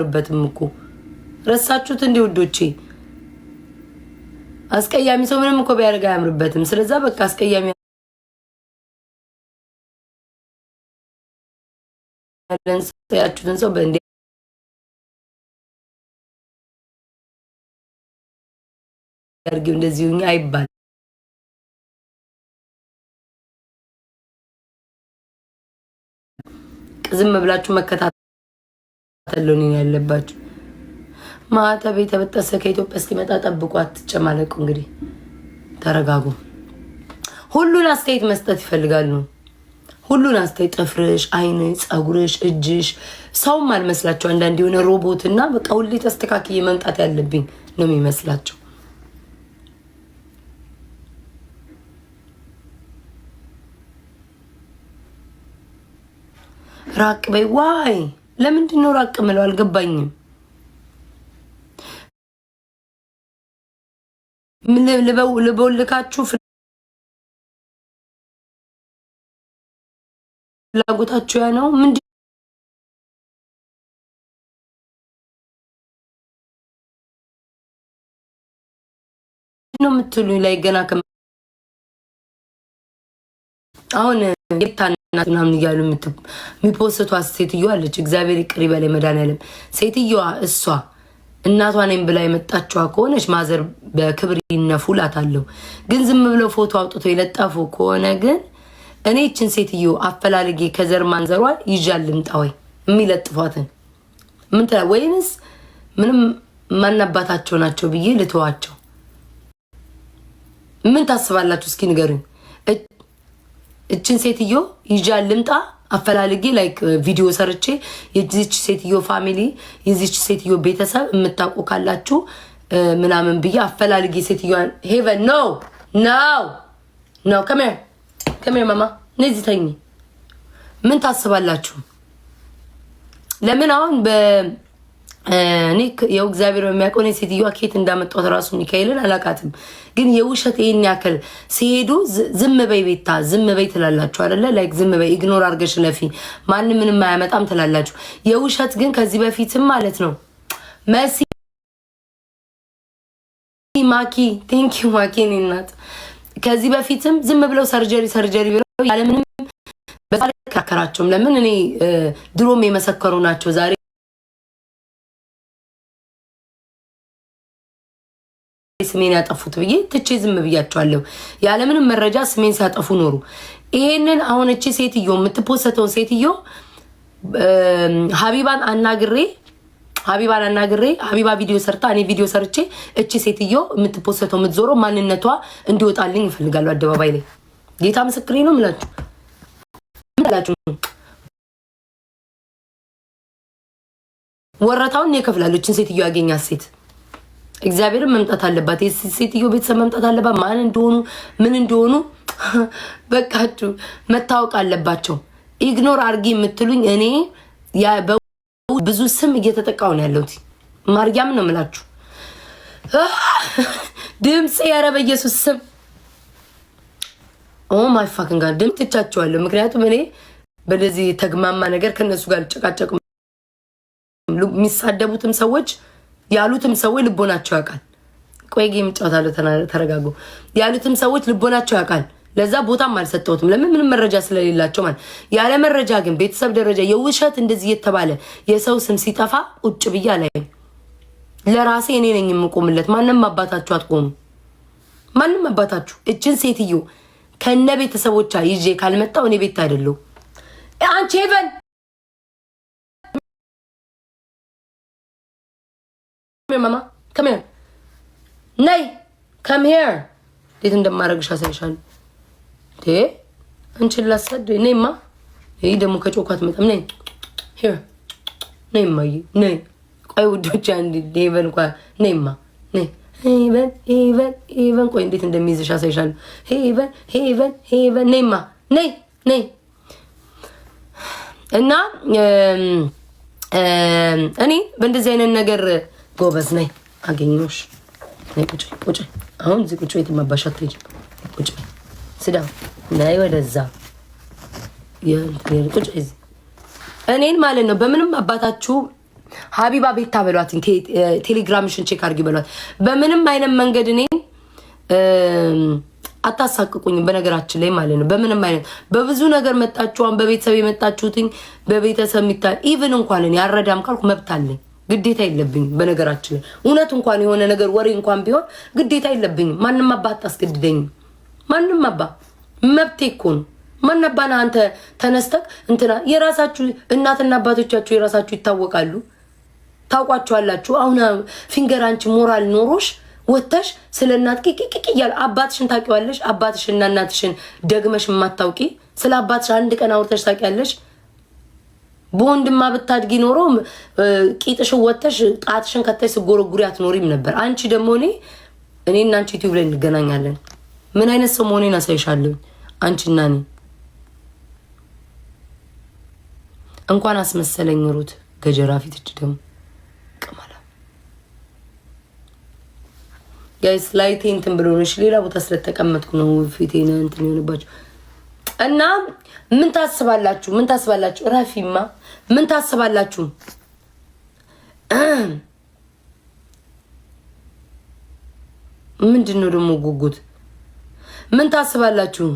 አይከብርበትም እኮ ረሳችሁት። እንዲ ውዶቼ አስቀያሚ ሰው ምንም እኮ ቢያደርግ አያምርበትም። ስለዛ በቃ አስቀያሚ ያችሁትን ሰው በእንዲ አይባል ዝም ብላችሁ መከታተል ተሎኒ ያለባችሁ ማዕተብ የተበጠሰ ከኢትዮጵያ እስኪመጣ ጠብቁ። አትጨማለቁ። እንግዲህ ተረጋጉ። ሁሉን አስተያየት መስጠት ይፈልጋሉ። ሁሉን አስተያየት፣ ጥፍርሽ፣ አይን፣ ፀጉርሽ፣ እጅሽ ሰውም አልመስላቸው። አንዳንድ የሆነ ሮቦት እና በቃ ሁሌ ተስተካክዬ መምጣት ያለብኝ ነው የሚመስላቸው። ራቅ በይ ዋይ ለምንድን ነው ራቅ ምለው? አልገባኝም። ልበውልካችሁ ፍላጎታችሁ ያ ነው። ምንድን ነው የምትሉኝ? ላይ ገና አሁን እናት ምናምን እያሉ የሚፖስቷ ሴትዮ አለች። እግዚአብሔር ይቅር ይበለኝ መድኃኒዓለም። ሴትዮዋ እሷ እናቷ ነኝ ብላ የመጣችዋ ከሆነች ማዘር በክብር ይነፉ እላታለሁ። ግን ዝም ብለው ፎቶ አውጥቶ የለጠፉ ከሆነ ግን እኔ ይችን ሴትዮ አፈላልጌ ከዘር ማንዘሯ ይዣ ልምጣ ወይ የሚለጥፏትን ምን ወይንስ ምንም ማናባታቸው ናቸው ብዬ ልተዋቸው። ምን ታስባላችሁ? እስኪ ንገሩኝ። እችን ሴትዮ ይዣ ልምጣ አፈላልጌ ላይክ uh, ቪዲዮ ሰርቼ የዚች ሴትዮ ፋሚሊ የዚች ሴትዮ ቤተሰብ የምታውቁ ካላችሁ uh, ምናምን ብዬ አፈላልጌ ሴትዮዋን ሄቨን ኖ ነው ነው ከሜር ከሜር ማማ እነዚህ ተኝ ምን ታስባላችሁ? ለምን አሁን እኔ የው እግዚአብሔር በሚያውቀው እኔ ሴትዮዋ ኬት እንዳመጣት ራሱ ሚካኤልን አላቃትም። ግን የውሸት ይህን ያክል ሲሄዱ ዝም በይ ቤታ ዝም በይ ትላላችሁ አደለ? ላይክ ዝም በይ ኢግኖር አርገሽ ለፊ ማንም ምንም አያመጣም ትላላችሁ። የውሸት ግን ከዚህ በፊትም ማለት ነው መሲ ማኪ ቴንኪዩ ማኪ እኔ እናት ከዚህ በፊትም ዝም ብለው ሰርጀሪ ሰርጀሪ ብለው ያለምንም በዛ ላይ ለምን እኔ ድሮም የመሰከሩ ናቸው ዛሬ ስሜን ያጠፉት ብዬ ትቼ ዝም ብያቸዋለሁ። ያለምንም መረጃ ስሜን ሲያጠፉ ኖሩ። ይሄንን አሁን እቺ ሴትዮ የምትፖሰተውን ሴትዮ ሀቢባን አናግሬ ሀቢባን አናግሬ ሀቢባ ቪዲዮ ሰርታ እኔ ቪዲዮ ሰርቼ እቺ ሴትዮ የምትፖሰተው የምትዞረው ማንነቷ እንዲወጣልኝ ይፈልጋሉ። አደባባይ ላይ ጌታ ምስክሬ ነው ምላችሁ ምላችሁ ወረታውን እኔ እከፍላለሁ። እችን ሴትዮ ያገኛት ሴት እግዚአብሔርን መምጣት አለባት። ሴትዮ ቤተሰብ መምጣት አለባት። ማን እንደሆኑ ምን እንደሆኑ በቃችሁ መታወቅ አለባቸው። ኢግኖር አርጊ የምትሉኝ እኔ ብዙ ስም እየተጠቃው ነው ያለሁት። ማርያም ነው የምላችሁ ድምፅ ኧረ ኢየሱስ ስም ኦ ማይ ፋክን ጋር ድምፅ ትቻቸዋለሁ። ምክንያቱም እኔ በደዚህ ተግማማ ነገር ከነሱ ጋር ልጨቃጨቅ የሚሳደቡትም ሰዎች ያሉትም ሰዎች ልቦናቸው ያውቃል። ቆይ ጌም እጫወታለሁ፣ ተረጋጉ ያሉትም ሰዎች ልቦናቸው ያውቃል። ለዛ ቦታም አልሰጠሁትም። ለምን? ምንም መረጃ ስለሌላቸው ማለት። ያለ መረጃ ግን ቤተሰብ ደረጃ የውሸት እንደዚህ የተባለ የሰው ስም ሲጠፋ ቁጭ ብዬ አላይም። ለራሴ እኔ ነኝ የምቆምለት። ማንም አባታችሁ አትቆሙ። ማንም አባታችሁ እችን ሴትዮ ከነ ቤተሰቦቿ ይዤ ካልመጣው እኔ ቤት አይደለሁ አንቺ ሄቨን here, mama. Come here. ነይ ከም ሄር እንዴት እንደማደርግሽ አሳይሻለሁ። እንዴ አንቺን ላሳድ ነይማ። ይህ ደግሞ ከጮኳ አትመጣም። ነይ ሄር ነይማ። ነይ ቆይ ውዶች ቨን እንኳ ነይማ። ሄቨን ሄቨን ሄቨን ቆይ እንዴት እንደሚይዝሽ አሳይሻለሁ። ሄቨን ሄቨን ሄቨን ነይማ። ነይ ነይ እና እኔ በእንደዚህ አይነት ነገር ጎበዝ ነኝ። አገኘሁሽ። ቁጭ ቁጭ። አሁን እዚህ ቁጭ ቤት የማባሻት ልጅ ቁጭ ስዳ ናይ ወደዛ ቁጭ እኔን ማለት ነው። በምንም አባታችሁ ሀቢባ ቤታ በሏት፣ ቴሌግራምሽን ቼክ አድርጊ በሏት። በምንም አይነት መንገድ እኔን አታሳቅቁኝም። በነገራችን ላይ ማለት ነው በምንም አይነት በብዙ ነገር መጣችኋን፣ በቤተሰብ የመጣችሁትኝ በቤተሰብ የሚታ ኢቭን እንኳን እኔ አልረዳም ካልኩ መብት አለኝ። ግዴታ የለብኝም። በነገራችን ላይ እውነት እንኳን የሆነ ነገር ወሬ እንኳን ቢሆን ግዴታ የለብኝም። ማንም አባ አታስገድደኝም። ማንም አባ መብቴ እኮ ነው። ማናባና አንተ ተነስተክ እንትና የራሳችሁ እናትና አባቶቻችሁ የራሳችሁ ይታወቃሉ፣ ታውቋችኋላችሁ። አሁን ፊንገር አንቺ ሞራል ኖሮሽ ወጥተሽ ስለ እናት ቂቂቂቅ እያለ አባትሽን ታውቂዋለሽ? አባትሽና እናትሽን ደግመሽ የማታውቂ ስለ አባትሽ አንድ ቀን አውርተሽ ታውቂያለሽ? በወንድማ ብታድጊ ኖሮ ቂጥሽን ወተሽ ጣትሽን ከታይ ስጎረጉሪ አትኖሪም ነበር። አንቺ ደግሞ እኔ እኔ እና አንቺ ዩቲዩብ ላይ እንገናኛለን። ምን አይነት ሰው መሆኔን አሳይሻለሁ። አንቺና እኔ እንኳን አስመሰለኝ ሩት ገጀራ ፊት እጅ ደግሞ ቅማላ ጋይስ ላይቴ እንትን ብሎ ሆነሽ ሌላ ቦታ ስለተቀመጥኩ ነው ፊቴን እንትን የሆነባቸው እና ምን ታስባላችሁ? ምን ታስባላችሁ? ረፊማ ምን ታስባላችሁ? ምንድን ነው ደግሞ ጉጉት? ምን ታስባላችሁ?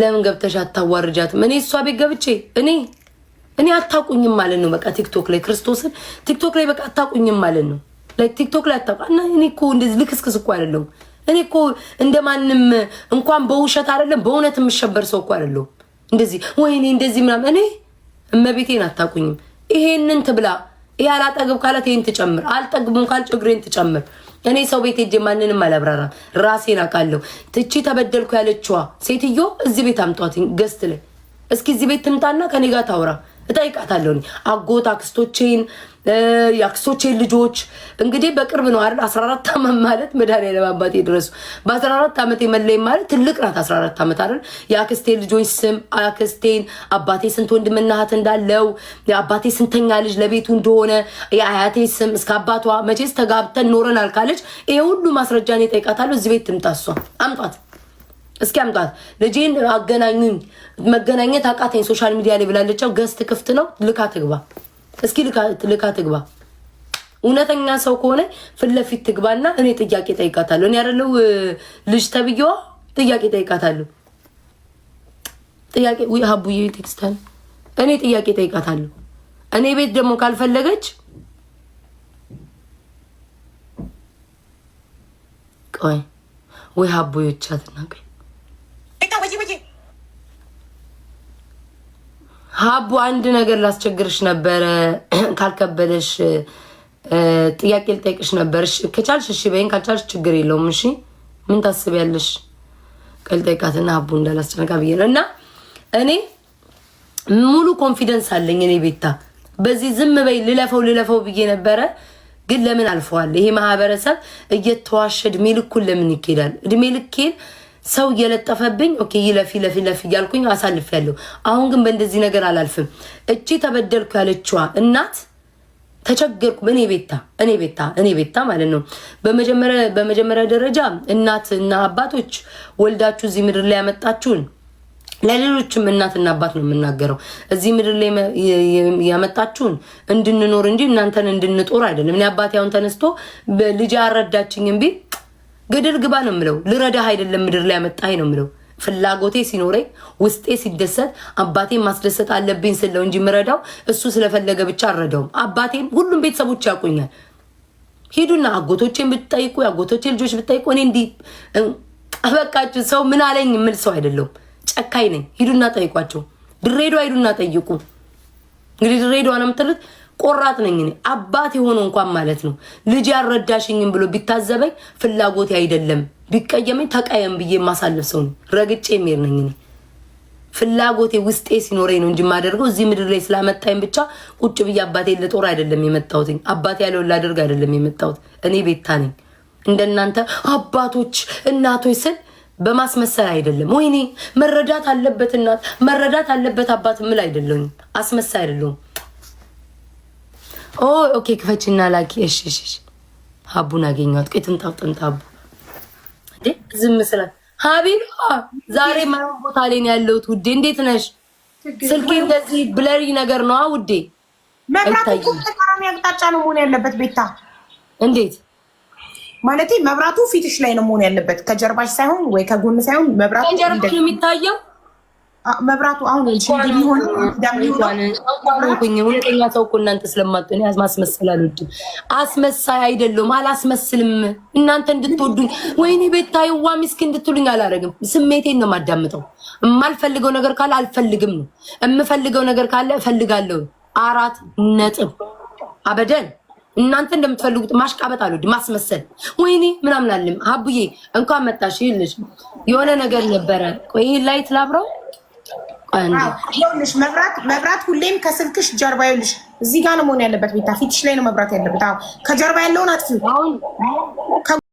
ለምን ገብተሽ አታዋርጃትም? እኔ እሷ ቤት ገብቼ እኔ እኔ አታውቁኝም ማለት ነው። በቃ ቲክቶክ ላይ ክርስቶስን ቲክቶክ ላይ በቃ አታቁኝም ማለት ነው። ቲክቶክ ላይ አታውቁ እና እኔ እኮ እንደዚህ ልክስክስ እኮ አይደለሁም። እኔ እኮ እንደማንም እንኳን በውሸት አይደለም በእውነት የምሸበር ሰው እኮ አይደለሁም። እንደዚህ ወይኔ እንደዚህ ምናምን እኔ እመቤቴን አታቁኝም። ይሄንን ትብላ፣ ይሄ አላጠግብ ካላት ይሄን ትጨምር፣ አልጠግብም ካል እግሬን ትጨምር። እኔ ሰው ቤት ሄጄ ማንንም አላብራራም። ራሴን አውቃለሁ። ትቺ ተበደልኩ ያለችዋ ሴትዮ እዚህ ቤት አምጧት ገስት ላይ እስኪ እዚህ ቤት ትምጣና ከኔ ጋር ታውራ። እጠይቃታለሁ። አጎት አክስቶቼን፣ የአክስቶቼን ልጆች እንግዲህ በቅርብ ነው አይደል? 14 ዓመት ማለት መድኃኒዓለም አባቴ ድረሱ። በ14 ዓመት የመለይ ማለት ትልቅ ናት። 14 ዓመት አይደል? የአክስቴን ልጆች ስም አክስቴን፣ አባቴ ስንት ወንድምና እህት እንዳለው፣ አባቴ ስንተኛ ልጅ ለቤቱ እንደሆነ፣ የአያቴ ስም እስከ አባቷ መቼስ ተጋብተን ኖረናል ካለች ይሄ ሁሉ ማስረጃ እኔ እጠይቃታለሁ። እዚህ ቤት ትምጣ እሷ አምጧት። እስኪ አምጧት ልጄን አገናኙኝ፣ መገናኘት አቃተኝ ሶሻል ሚዲያ ላይ ብላለቻው። ገስት ክፍት ነው፣ ልካ ትግባ። እስኪ ልካ ትግባ። እውነተኛ ሰው ከሆነ ፊት ለፊት ትግባና እኔ ጥያቄ ጠይቃታለሁ። እኔ ያደለው ልጅ ተብዬዋ ጥያቄ ጠይቃታለሁ። ጥያቄ ሀቡዬ ቴክስታል እኔ ጥያቄ ጠይቃታለሁ። እኔ ቤት ደግሞ ካልፈለገች ቆይ ወይ ሀቡዬ ቻት ሀቡ አንድ ነገር ላስቸግርሽ ነበረ። ካልከበደሽ ጥያቄ ልጠይቅሽ ነበር። ከቻልሽ እሺ በይን፣ ካልቻልሽ ችግር የለውም። እሺ ምን ታስቢያለሽ? ቀልጠይቃትና ሀቡ እንዳላስጨነቃ ብዬ ነው። እና እኔ ሙሉ ኮንፊደንስ አለኝ። እኔ ቤታ በዚህ ዝም በይ ልለፈው ልለፈው ብዬ ነበረ፣ ግን ለምን አልፈዋል። ይሄ ማህበረሰብ እየተዋሸ እድሜ ልኩን ለምን ይኬዳል? እድሜ ልኬን ሰው እየለጠፈብኝ ኦኬ ይለፍ ለፊ ለፊ እያልኩኝ አሳልፍ ያለሁ። አሁን ግን በእንደዚህ ነገር አላልፍም። እቺ ተበደልኩ ያለችዋ እናት ተቸገርኩ። እኔ ቤታ እኔ ቤታ እኔ ቤታ ማለት ነው። በመጀመሪያ ደረጃ እናት እና አባቶች ወልዳችሁ እዚህ ምድር ላይ ያመጣችሁን ለሌሎችም እናትና አባት ነው የምናገረው። እዚህ ምድር ላይ ያመጣችሁን እንድንኖር እንጂ እናንተን እንድንጦር አይደለም። እኔ አባቴ አሁን ተነስቶ ልጅ አረዳችኝ እምቢ ገደል ግባ ነው የምለው። ልረዳህ አይደለም ምድር ላይ ያመጣህ ነው የምለው። ፍላጎቴ ሲኖረኝ ውስጤ ሲደሰት አባቴን ማስደሰት አለብኝ ስለው እንጂ ምረዳው እሱ ስለፈለገ ብቻ አልረዳውም። አባቴን ሁሉም ቤተሰቦች ያውቁኛል። ሂዱና አጎቶቼን ብትጠይቁ የአጎቶቼ ልጆች ብትጠይቁ እኔ እንዲህ በቃችሁ ሰው ምን አለኝ የምል ሰው አይደለሁም። ጨካኝ ነኝ። ሂዱና ጠይቋቸው። ድሬዳዋ ሂዱና ጠይቁ። እንግዲህ ድሬዳዋ ነው የምትሉት ቆራጥ ነኝ እኔ። አባት የሆነ እንኳን ማለት ነው ልጅ ያረዳሽኝም ብሎ ቢታዘበኝ ፍላጎቴ አይደለም፣ ቢቀየመኝ ተቀየም ብዬ የማሳልፍ ሰው ነኝ። ረግጬ የሚሄድ ነኝ እኔ። ፍላጎቴ ውስጤ ሲኖረኝ ነው እንጂ የማደርገው እዚህ ምድር ላይ ስላመጣኝ ብቻ ቁጭ ብዬ አባቴ ለጦር አይደለም የመጣሁትኝ። አባቴ ያለውን ላደርግ አይደለም የመጣሁት እኔ። ቤታ ነኝ እንደናንተ አባቶች እናቶች ስል በማስመሰል አይደለም። ወይኔ መረዳት አለበት እናት መረዳት አለበት አባት ምል አይደለሁኝ። አስመሳይ አይደለሁም። ኦኬ oh, ክፈችና ላኪ። እሺ እሺ። ሀቡን አገኘኋት። ቆይ እንዴ ዝም ስላት ዛሬ ማይሆን ቦታ ላይ ነው ያለሁት ውዴ። እንዴት ነሽ? ስልኬ እንደዚህ ብለሪ ነገር ነው ውዴ። መብራት ተቃራኒ አቅጣጫ ነው መሆን ያለበት ቤታ። እንዴት ማለት መብራቱ ፊትሽ ላይ ነው መሆን ያለበት፣ ከጀርባሽ ሳይሆን ወይ ከጎን ሳይሆን መብራቱ ከጀርባሽ የሚታየው መብራቱ አሁን ሊሆን ሆን ሁለተኛ ሰው እኮ እናንተ ስለማትሆን ያዝ ማስመሰል አልወድም። አስመሳይ አይደለሁም፣ አላስመስልም። እናንተ እንድትወዱኝ ወይኔ ቤታዩዋ ሚስኪ እንድትሉኝ አላደርግም። ስሜቴን ነው የማዳምጠው። የማልፈልገው ነገር ካለ አልፈልግም ነው፣ የምፈልገው ነገር ካለ እፈልጋለሁ። አራት ነጥብ አበደን። እናንተ እንደምትፈልጉት ማሽቃበጥ አልወድም፣ ማስመሰል ወይኔ ምናምን አለም። አቡዬ እንኳን መጣሽ ይልሽ የሆነ ነገር ነበረ። ቆይ ላይት ላብረው ይኸውልሽ መብራት መብራት ሁሌም ከስልክሽ ጀርባ ይኸውልሽ፣ እዚህ ጋር ነው መሆን ያለበት። ቤታ ፊትሽ ላይ ነው መብራት ያለበት። ከጀርባ ያለውን